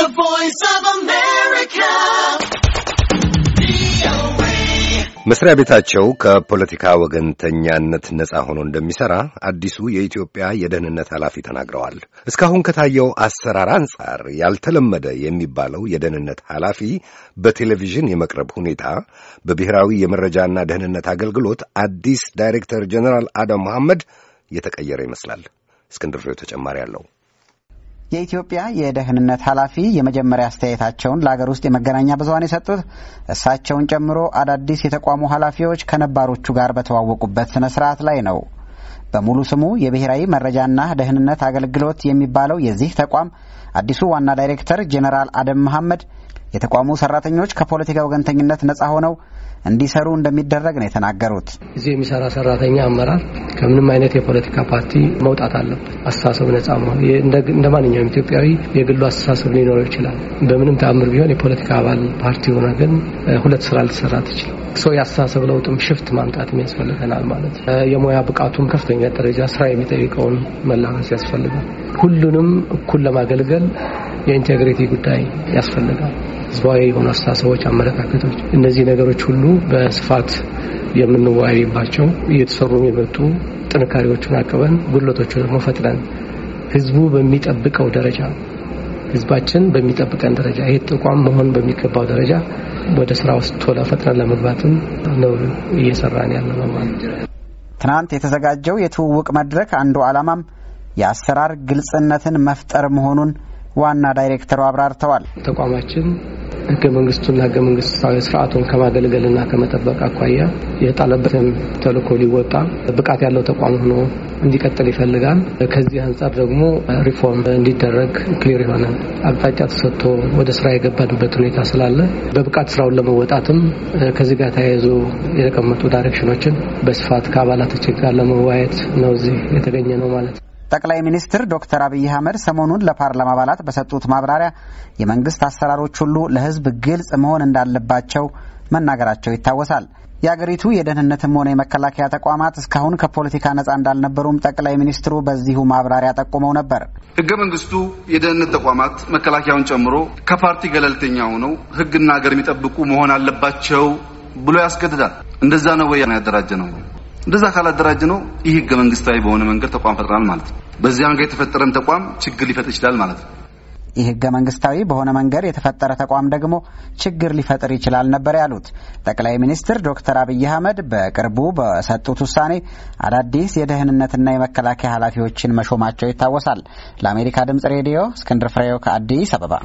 The Voice of America. መስሪያ ቤታቸው ከፖለቲካ ወገንተኛነት ነጻ ሆኖ እንደሚሰራ አዲሱ የኢትዮጵያ የደህንነት ኃላፊ ተናግረዋል። እስካሁን ከታየው አሰራር አንጻር ያልተለመደ የሚባለው የደህንነት ኃላፊ በቴሌቪዥን የመቅረብ ሁኔታ በብሔራዊ የመረጃና ደህንነት አገልግሎት አዲስ ዳይሬክተር ጀኔራል አደም መሐመድ የተቀየረ ይመስላል። እስክንድር ፍሬው ተጨማሪ አለው። የኢትዮጵያ የደህንነት ኃላፊ የመጀመሪያ አስተያየታቸውን ለሀገር ውስጥ የመገናኛ ብዙኃን የሰጡት እሳቸውን ጨምሮ አዳዲስ የተቋሙ ኃላፊዎች ከነባሮቹ ጋር በተዋወቁበት ስነ ስርዓት ላይ ነው። በሙሉ ስሙ የብሔራዊ መረጃና ደህንነት አገልግሎት የሚባለው የዚህ ተቋም አዲሱ ዋና ዳይሬክተር ጄኔራል አደም መሐመድ የተቋሙ ሰራተኞች ከፖለቲካ ወገንተኝነት ነጻ ሆነው እንዲሰሩ እንደሚደረግ ነው የተናገሩት። እዚህ የሚሰራ ሰራተኛ አመራር ከምንም አይነት የፖለቲካ ፓርቲ መውጣት አለበት። አስተሳሰብ ነጻ መሆን እንደ ማንኛውም ኢትዮጵያዊ የግሉ አስተሳሰብ ሊኖረው ይችላል። በምንም ተአምር ቢሆን የፖለቲካ አባል ፓርቲ ሆነ ግን ሁለት ስራ ልትሰራ ትችላል። ሰው የአስተሳሰብ ለውጥም ሽፍት ማምጣት ያስፈልገናል ማለት የሙያ ብቃቱም ከፍተኛ ደረጃ ስራ የሚጠይቀውን መላበስ ያስፈልጋል። ሁሉንም እኩል ለማገልገል የኢንቴግሪቲ ጉዳይ ያስፈልጋል። ህዝባዊ የሆኑ አስተሳሰቦች፣ አመለካከቶች፣ እነዚህ ነገሮች ሁሉ በስፋት የምንወያይባቸው እየተሰሩ የመጡ ጥንካሬዎቹን አቅበን ጉድለቶቹ ደግሞ ፈጥነን ህዝቡ በሚጠብቀው ደረጃ ህዝባችን በሚጠብቀን ደረጃ ይህ ተቋም መሆን በሚገባው ደረጃ ወደ ስራ ውስጥ ቶሎ ፈጥነን ለመግባትም ነው እየሰራን ያለ ነው ትናንት የተዘጋጀው የትውውቅ መድረክ አንዱ ዓላማም የአሰራር ግልጽነትን መፍጠር መሆኑን ዋና ዳይሬክተሩ አብራርተዋል። ተቋማችን ህገ መንግስቱና ህገ መንግስታዊ ስርዓቱን ከማገልገልና ከመጠበቅ አኳያ የጣለበትን ተልኮ ሊወጣ ብቃት ያለው ተቋም ሆኖ እንዲቀጥል ይፈልጋል። ከዚህ አንጻር ደግሞ ሪፎርም እንዲደረግ ክሊር የሆነ አቅጣጫ ተሰጥቶ ወደ ስራ የገባንበት ሁኔታ ስላለ በብቃት ስራውን ለመወጣትም ከዚህ ጋር ተያይዞ የተቀመጡ ዳይሬክሽኖችን በስፋት ከአባላቶች ጋር ለመወያየት ነው እዚህ የተገኘ ነው ማለት ነው። ጠቅላይ ሚኒስትር ዶክተር አብይ አህመድ ሰሞኑን ለፓርላማ አባላት በሰጡት ማብራሪያ የመንግስት አሰራሮች ሁሉ ለህዝብ ግልጽ መሆን እንዳለባቸው መናገራቸው ይታወሳል። የአገሪቱ የደህንነትም ሆነ የመከላከያ ተቋማት እስካሁን ከፖለቲካ ነጻ እንዳልነበሩም ጠቅላይ ሚኒስትሩ በዚሁ ማብራሪያ ጠቁመው ነበር። ህገ መንግስቱ የደህንነት ተቋማት መከላከያውን ጨምሮ ከፓርቲ ገለልተኛ ሆነው ህግና ሀገር የሚጠብቁ መሆን አለባቸው ብሎ ያስገድዳል። እንደዛ ነው ወይ ያደራጀ ነው እንደዛ ካላደራጀ ነው ይህ ህገ መንግስታዊ በሆነ መንገድ ተቋም ፈጥራል ማለት ነው። በዚያን ጋር የተፈጠረን ተቋም ችግር ሊፈጥር ይችላል ማለት ነው። ይህ ህገ መንግስታዊ በሆነ መንገድ የተፈጠረ ተቋም ደግሞ ችግር ሊፈጥር ይችላል ነበር ያሉት ጠቅላይ ሚኒስትር ዶክተር አብይ አህመድ በቅርቡ በሰጡት ውሳኔ አዳዲስ የደህንነትና የመከላከያ ኃላፊዎችን መሾማቸው ይታወሳል። ለአሜሪካ ድምጽ ሬዲዮ እስክንድር ፍሬው ከአዲስ አበባ